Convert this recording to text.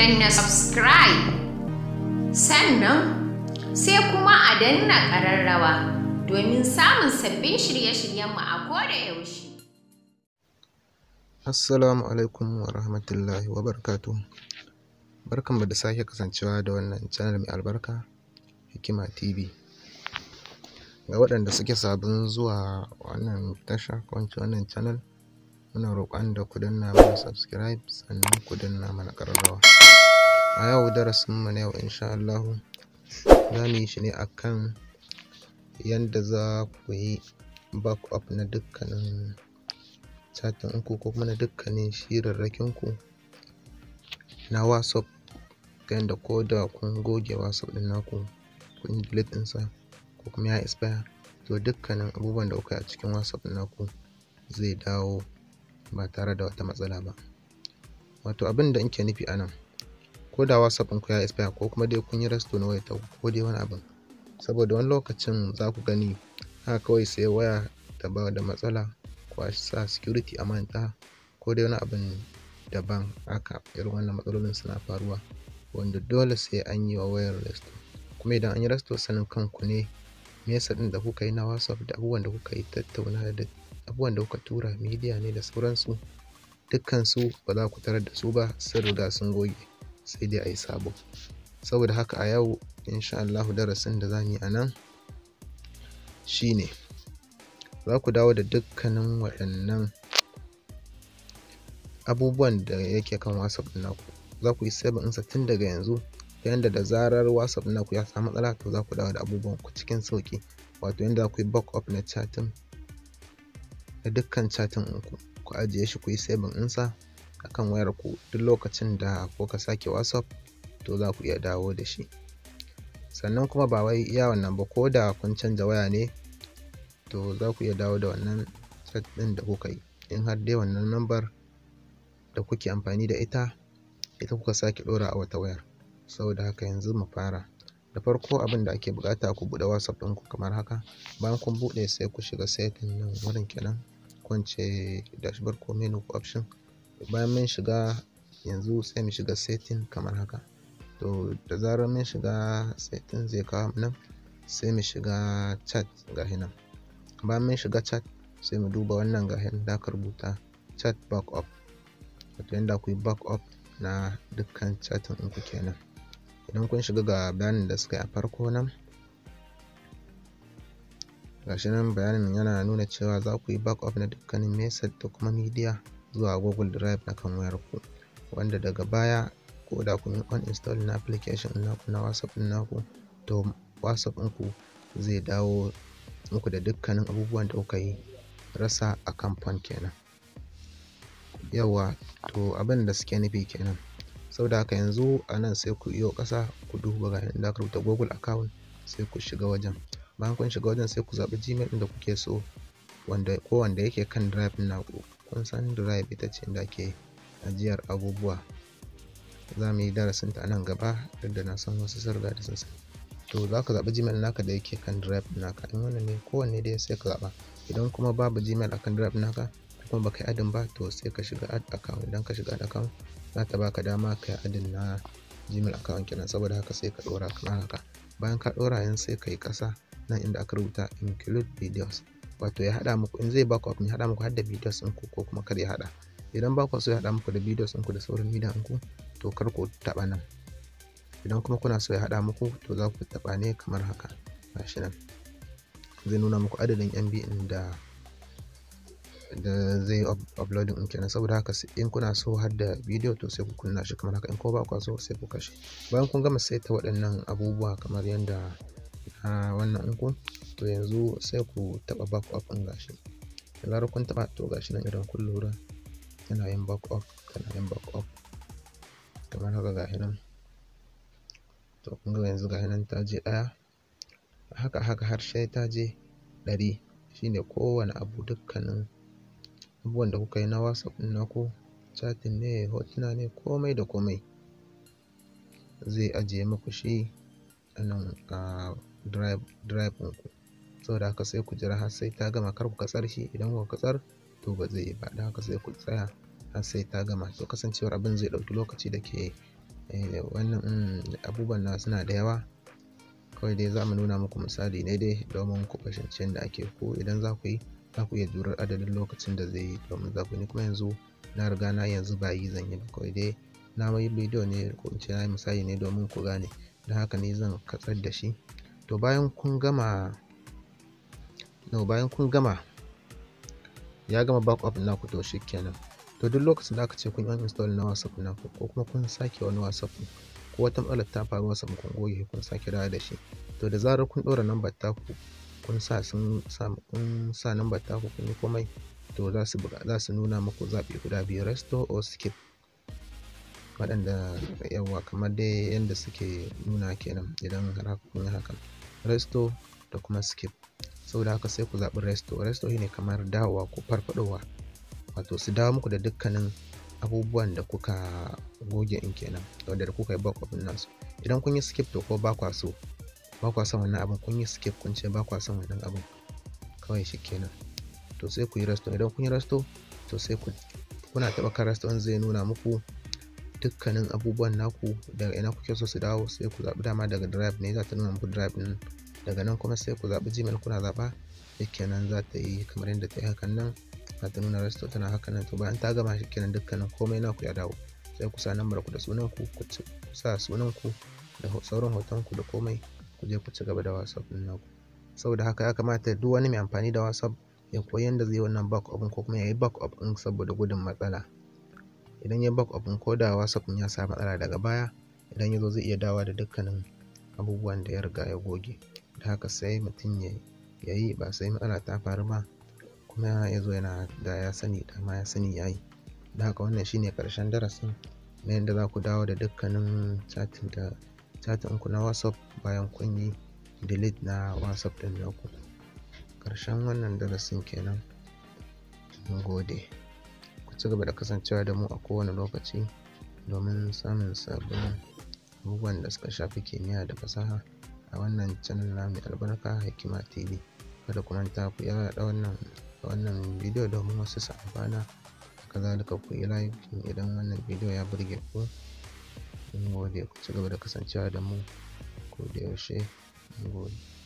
danna subscribe sannan sai kuma a danna ƙararrawa domin samun sabbin shirye-shiryenmu a koda yaushe. Assalamu alaikum wa rahmatullahi wa barakatuh. Barkanmu da sake kasancewa da wannan channel mai albarka Hikima TV. Ga waɗanda suke sabon zuwa wannan tasha ko wannan channel muna roƙon da ku danna mana subscribe sannan ku danna mana ƙararrawa. A yau darasin mu na yau insha Allah za mu yi shi ne akan yanda za ku yi back-up na dukkanin chatin ku ko kuma na dukkanin shirarrakin ku na WhatsApp ta yanda ko da kun goge WhatsApp ɗin naku kun yi delete ɗinsa ko kuma ya expire to dukkanin abubuwan da kuka yi a cikin WhatsApp ɗin naku zai dawo ba tare da wata matsala ba. Wato abin da nufi a nan ko da whatsapp ku ya expire ko kuma dai kun yi rasto na wayar ko dai wani abin saboda wani lokacin za ku gani haka kawai sai waya ta ba da matsala ko a sa security a manta ko dai wani abin daban haka irin wannan matsalolin suna faruwa wanda dole sai an yi wa wayar resto kuma idan an yi rasto sanin kan ku ne me mesa ɗin da kuka yi na whatsapp da abubuwan da kuka yi tattauna da abubuwan da kuka tura media ne da sauransu dukkansu ba za ku tarar da su ba sun riga sun goge sai dai a yi sabo saboda haka a yau insha Allahu darasin da za mu yi a nan shine za ku dawo da dukkanin waɗannan abubuwan da yake kan whatsapp naku za ku yi sabon insa tun daga yanzu ta yadda da zarar whatsapp naku ya samu matsala to za ku dawo da abubuwan ku cikin sauki wato yadda za ku yi backup na chatting da dukkan chatting ku ku ajiye shi ku yi sabon insa akan wayar ku duk lokacin da kuka sake whatsapp to za ku iya dawo da shi sannan kuma ba wai iya wannan ba ko da kun canza waya ne to za ku iya dawo da wannan chat ɗin da kuka yi in har dai wannan number da kuke amfani da ita ita kuka sake ɗora a wata wayar saboda haka yanzu mu fara da farko abin da ake bukata ku buɗe whatsapp ku kamar haka bayan kun buɗe sai ku shiga setting nan wurin kenan ko in ce dashboard ko menu ko option bayan mun shiga yanzu sai mu shiga setting kamar haka to da zarar mun shiga setting zai kawo nan sai mu shiga chat ga nan bayan mun shiga chat sai mu duba wannan ga hin da aka rubuta chat backup wato yanda ku yi backup na dukkan chatin ku kenan idan kun shiga ga bayanin da suka yi a farko nan gashi nan bayanin yana nuna cewa za ku yi backup na dukkanin message da kuma media zuwa google drive na kan wayarku wanda daga baya ko da kun yi on install na application naku na whatsapp din naku to whatsapp ku zai dawo muku da dukkanin abubuwan da kuka yi rasa a kan phone kenan yawa to abin da suke nufi kenan saboda haka yanzu a nan sai ku iyo ƙasa ku duba ga inda aka rubuta google account sai ku shiga wajen bayan kun shiga wajen sai ku zaɓi gmail da kuke so wanda ko wanda yake kan drive naku kun san drive ita ce da ke ajiyar abubuwa za mu yi darasin ta nan gaba duk da na san wasu sun da sun to za ka zaɓi gmail naka da yake kan drive naka in wannan ne kowanne dai sai ka zaɓa idan kuma babu gmail akan drive naka kuma baka yi adin ba to sai ka shiga ad account idan ka shiga ad account za ta baka dama ka yi adin na gmail account kenan saboda haka sai ka ɗora kamar haka bayan ka ɗora yan sai ka yi ƙasa nan inda aka rubuta include videos wato ya haɗa muku in zai baku abu ya haɗa muku har da videos ɗinku ko kuma kar ya haɗa idan baku so ya haɗa muku da videos ɗinku da sauran bidiyon ɗinku to kar ku taɓa nan idan kuma kuna so ya haɗa muku to za ku taɓa ne kamar haka gashi nan zai nuna muku adadin mb ɗin da da zai uploading ɗin kenan saboda haka in kuna so har da bidiyo to sai ku kunna shi kamar haka in ko ba ku so sai ku kashe bayan kun gama saita waɗannan abubuwa kamar yadda a wannan ankon to yanzu sai ku taɓa back up ɗin gashi da zarar kun taɓa to gashi nan idan kun lura tana yin back up tana yin back up kamar haka gashi nan to kun ga yanzu gashi nan ta je ɗaya haka haka har sai ta je ɗari shine kowane abu dukkanin abubuwan da kuka yi na whatsapp ɗin ku chatting ne hotuna ne komai da komai zai ajiye muku shi a nan drive drive ɗinku saboda haka sai ku jira har sai ta gama kar ku katsar shi idan ku katsar to ba zai yi ba don haka sai ku tsaya har sai ta gama to kasancewar abin zai dauki lokaci da ke eh, wannan mm, abubuwan na suna da yawa kawai dai za mu nuna muku misali ne dai domin ku kasance da ake ko idan za ku yi za ku iya jurar adadin lokacin da zai yi domin za ku ni kuma yanzu na riga na yanzu ba yi zan yi ba kawai dai na yi bidiyo ne ko in ce na yi misali ne domin ku gane da haka ne zan katsar da shi to bayan kun gama no bayan kun gama ya gama backup naku to shikenan to duk lokacin da aka ce kun yi install na whatsapp naku ko kuma kun sake wani whatsapp ko wata matsala ta faru whatsapp kun goge kun sake dawo da shi to da zarar kun ɗora ta ku kun sa sun sa kun sa ta ku kun yi komai to za su za su nuna muku zaɓi guda biyu restore or skip waɗanda yawa kamar dai yadda suke nuna kenan idan har kun yi hakan resto da kuma skip saboda haka sai ku zaɓi resto resto shine kamar dawowa ko farfadowa wato su dawo muku da dukkanin abubuwan da kuka goge in kenan wanda da kuka yi bakwa nasu idan kun yi skip to ko ba kwa so ba kwa son wannan abin kun yi skip kun ce ba kwa son wannan abin kawai shi kenan to sai ku yi resto idan kun yi resto to sai ku kuna taɓa kan resto zai nuna muku dukkanin abubuwan naku daga ina kuke so su dawo sai ku zaɓi dama daga drive ne za ta nuna muku drive ɗin daga nan kuma sai ku zaɓi gmail kuna zaɓa shi kenan za ta yi kamar yadda ta yi hakan nan za ta nuna resto tana hakan nan to bayan ta gama shi kenan dukkanin komai naku ya dawo sai ku sa lambar ku da sunan ku ku sa sunan ku da sauran hoton ku da komai ku je ku ci gaba da whatsapp ɗin naku saboda haka ya kamata duk wani mai amfani da whatsapp ya koyi yadda zai yi wannan backup ko kuma ya yi backup ɗin saboda gudun matsala idan ya bak abun ko da ya sa matsala daga baya idan ya zo zai iya dawa da dukkanin abubuwan da ya riga ya goge da haka sai mutum ya yi ba sai matsala ta faru ba kuma ya zo yana da ya sani da ma ya sani ya yi da haka wannan shine karshen darasin na yadda za ku dawo da dukkanin chatin da chatin ku na whatsapp bayan kun yi delete na whatsapp din naku karshen wannan darasin kenan mun gode ci gaba da kasancewa da mu a kowane lokaci domin samun sabbin abubuwan da suka shafi kimiyya da fasaha a wannan channel na mai albarka hikima tv kada ku manta ku yaɗa wannan wannan bidiyo domin wasu su amfana kazalika ku yi like idan wannan bidiyo ya burge ku mun gode ku ci gaba da kasancewa da mu ko da yaushe mun gode